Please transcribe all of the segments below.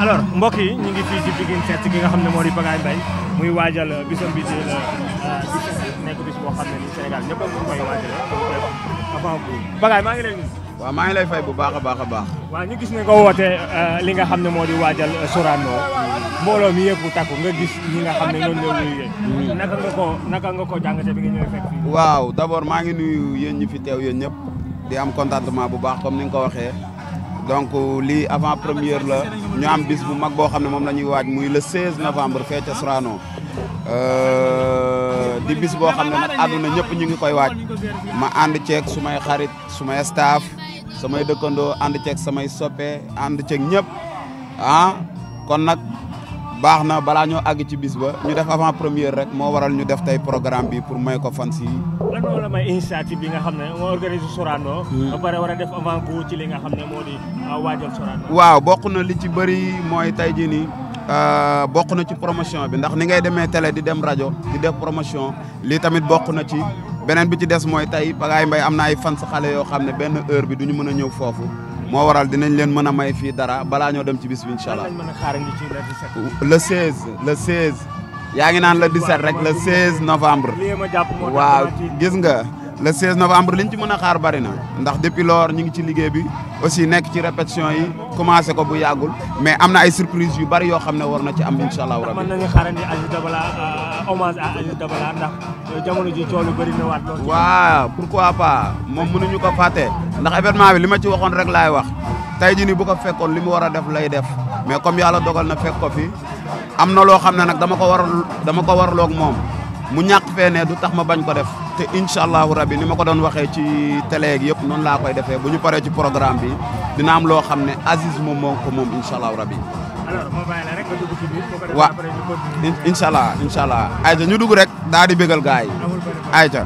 alors mbokk yi ñu ngi fii ci Pikine seet ki nga xam ne moo di Pagaye bay muy waajal bisam bi euh, nekk bis boo xam ne ni Sénégal ñëpp a koy waajal avant Pagaye maa bu baax a baax a baax. waa ñu gis ne nga woote euh, li nga xam ne moo di waajal euh, Sorano mbooloo mi yëpp takk nga gis ñi nga xam ne noonu la ñuy yëg. Mm. naka nga ko naka nga ko jàngatee fekk waaw d' abord maa ngi nuyu yéen ñi fi teew yéen ñëpp di am contentement bu baax comme ni nga ko waxee. donc lii avant première la ñu am bis bu mag boo xam ne moom la ñuy waaj muy le 16 novembre fee ca Sorano euh, di bis boo xam ne nag àdduna ñëpp ñu ngi koy waaj ma ànd ceeg sumay xarit sumay staff samay dëkkandoo ànd ceeg samay soppe ànd ceeg ñëpp ah kon nag baax na balaa ñoo àgg ci bis ba ñu def avant première rek moo waral ñu def tey programme bi pour may ko fan si lan moo nga xam ne moo organiser Sorano. Hmm. ba war a def avant li nga xam ne moo di uh, waaw bokk na li ci bëri mooy tey jii nii uh, bokk na ci promotion bi ndax ni ngay demee télé di dem rajo di def promotion lii tamit bokk na ci beneen bi ci des mooy tey Pagaye Mbaye am na ay fans xale yoo xam ne benn heure bi duñu mën a ñëw foofu. moo waral dinañ leen mën a may fii dara balaa ñoo dem ci bis bi incha allah. le 16 le 16. yaa ngi naan le 17 rek le 16 novembre. waaw gis nga le 16 novembre liñ ci mën a xaar bari na. ndax depuis lors ñu ngi ci liggéey bi aussi nekk ci répétition yi commencé ko bu yàggul mais am na ay surprise yu bari yoo xam ne war na ci am incha allahu rabi. mën nañu xaarandi Aziz Dabala euh, hommage à Aziz Dabala ndax jamono ji coow lu bari na waat lool. waaw pourquoi pas moom ko fàtte ndax événement bi li ma ci waxoon rek laay wax tey ji nii bu ko fekkoon li mu war a def lay def mais comme yàlla dogal na fekk ko fi. am na loo xam ne nag dama ko war dama ko warloog moom mu ñàkk fee ne du tax ma bañ ko def te incha allahu rabi ni ma ko doon waxee ci télé gi yëpp noonu laa koy defee bu ñu paree ci programme bi dina am loo xam ne Aziz moom moo ko moom incha allahu rabi. alors ma allah incha allah ayca ñu dugg rek daal di bégal gars yi. ayca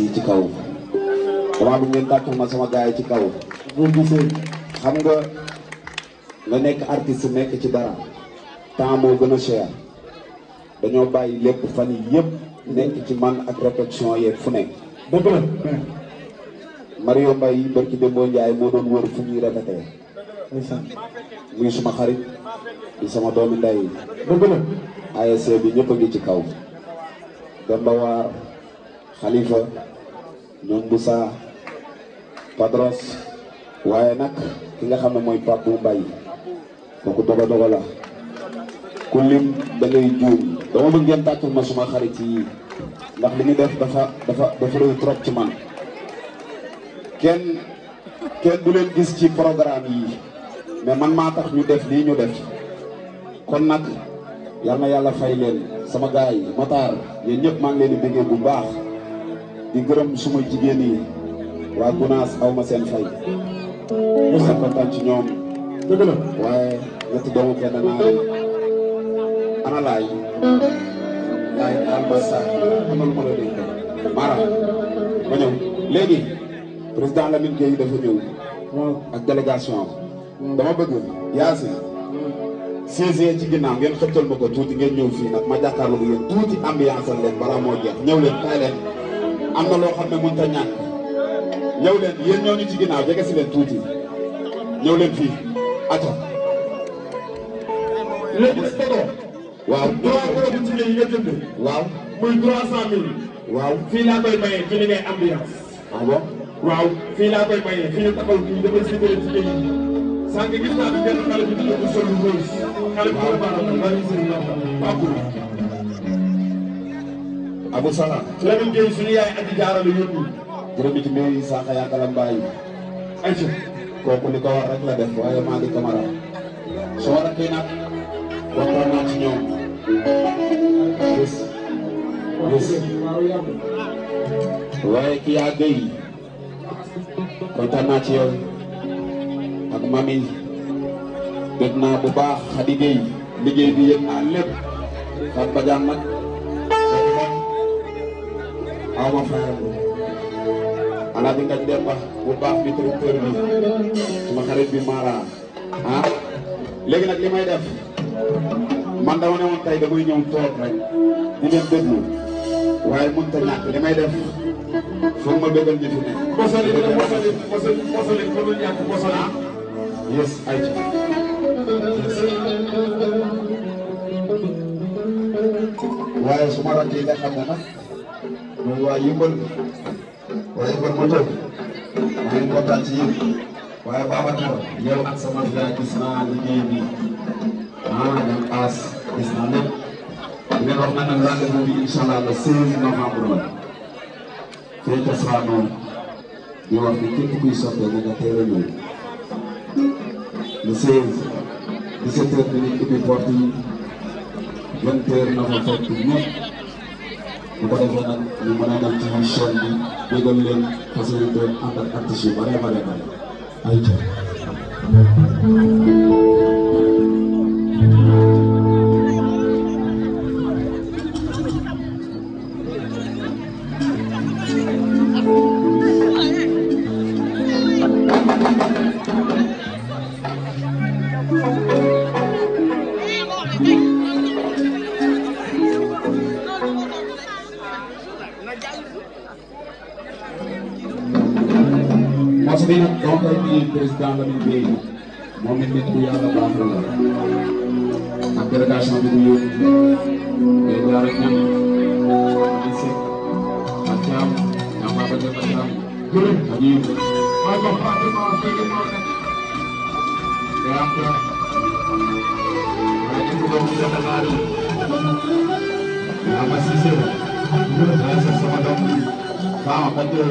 yi ci kaw dama bëgg ngeen tàccul ma sama gars yi ci kaw bu gisee xam nga nga nekk artiste nekk ci dara temps moo gën a cher dañoo bàyyi lekk fan yi yëpp nekk ci man ak répétition yeeg fu nekk dëgg la Mario Mbaye barki Dembo Ndiaye moo doon wër fu ñuy répété muy suma xarit di sama doomi ndey dëgg la ASC bi ñëpp a ngi ci kaw Demba Waar Khalifa ñoom Moussa Padros waaye nag ki nga xam ne mooy Pape Mbaye kooku dogo dogo la ku lim da ngay juum dama bëgg ngeen tàccal ma suma xarit yi ndax li ñu def dafa dafa dafa rëy trop ci man kenn kenn du leen gis ci programme yi mais man maa tax ñu def lii ñu def kon nag yal na yàlla fay leen sama gars yi Matar yéen ñëpp maa ngi leen di bu baax di gërëm suma jigéen yi waa Gunaas aw ma seen fay. mos a kontaan ci ñoom. dëgg waaye ñetti doomu kenn naa leen. ana laay. laay daal la dégg. Mara ma ñëw léegi président Lamine Gueye dafa ñëw. ak délégation am. dama bëgg Yacine. saisir ci ginnaaw ngeen xëccal ma ko tuuti ngeen ñëw fii nag ma jàkkaarloo ak yéen tuuti ambiance leen balaa moo jeex ñëw leen kaay am na loo xam ne mënut a ñàkk leen yéen ñoo ñu ci ginnaaw jege si tuuti ñëw leen fii ato léegi si tego waaw droit boobu ci ne yi nga jënd waaw muy trois cent mille waaw fii laa koy mayee ci li ngay ambiance ah waaw fii laa koy mayee fii ñu taxaw fii dafay séddale ci géej gi sànq gis naa bi benn xale bi di yóbbu solu rose xale bi ko baara ko bari seen loxo Abou Salah. Lamine Gueye suñu yaay Adi Diarra la yóbbu. jërëjëf Mbaye Sakho yaakaar mbaay mi. ayca kooku li ko war rek la def waaye maa ngi Camara. soo rakkee nag waxtaan naa ci ñoom. gis waaye kii yaa Gueye. kontaan naa ci yow. ak mami. dégg naa bu baax Xadi Gueye liggéey bi yëg naa lépp. xam ba nag. aw ma frère alaaji ngañ demba bu baax bi tracteur bi sama xarit bi Mara ah léegi nag li may def man dama ne woon tey damay ñëw toog rek di leen déglu waaye mënut a ñàkk li may def foog ma bégal ñu fi ne. mosali mosali mosali mosali mënul ñàkk mosali ah. yes ay ci. waaye su ma rakk yi nga xam ne nag. muy waa Yeumbeul waa Yeumbeul Moteur maa ngi kontaan ci yéen waaye Babacar yow ak sama gars gis naa liggéey bi ah ñoom As gis naa lépp di leen wax nag rendez-vous bi incha allah le 16 novembre la fee ca Sano di wax ni képp kuy soppee na nga teel a ñëw le 16 17 heures bi ñu ubbi porte yi 20 heures na fa fekk ñëpp bu ko defee nag ñu mën a bi bégal leen facilité ànd ak artistes yu bare match bi nag dama koy nuyu président Lamine Gueye moom it nit ku yàlla baaxal la ak délégation bi mu yóbbu day jaar ak ñan di seet ak caam ñaam maa ko jël ak caam gërëm ak yéen maa ko pratiquement fekk moo nekk day am ko maa ci doom bi dana laaj maa ma sisé maa sama doom bi maa ma ko jël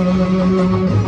Thank you.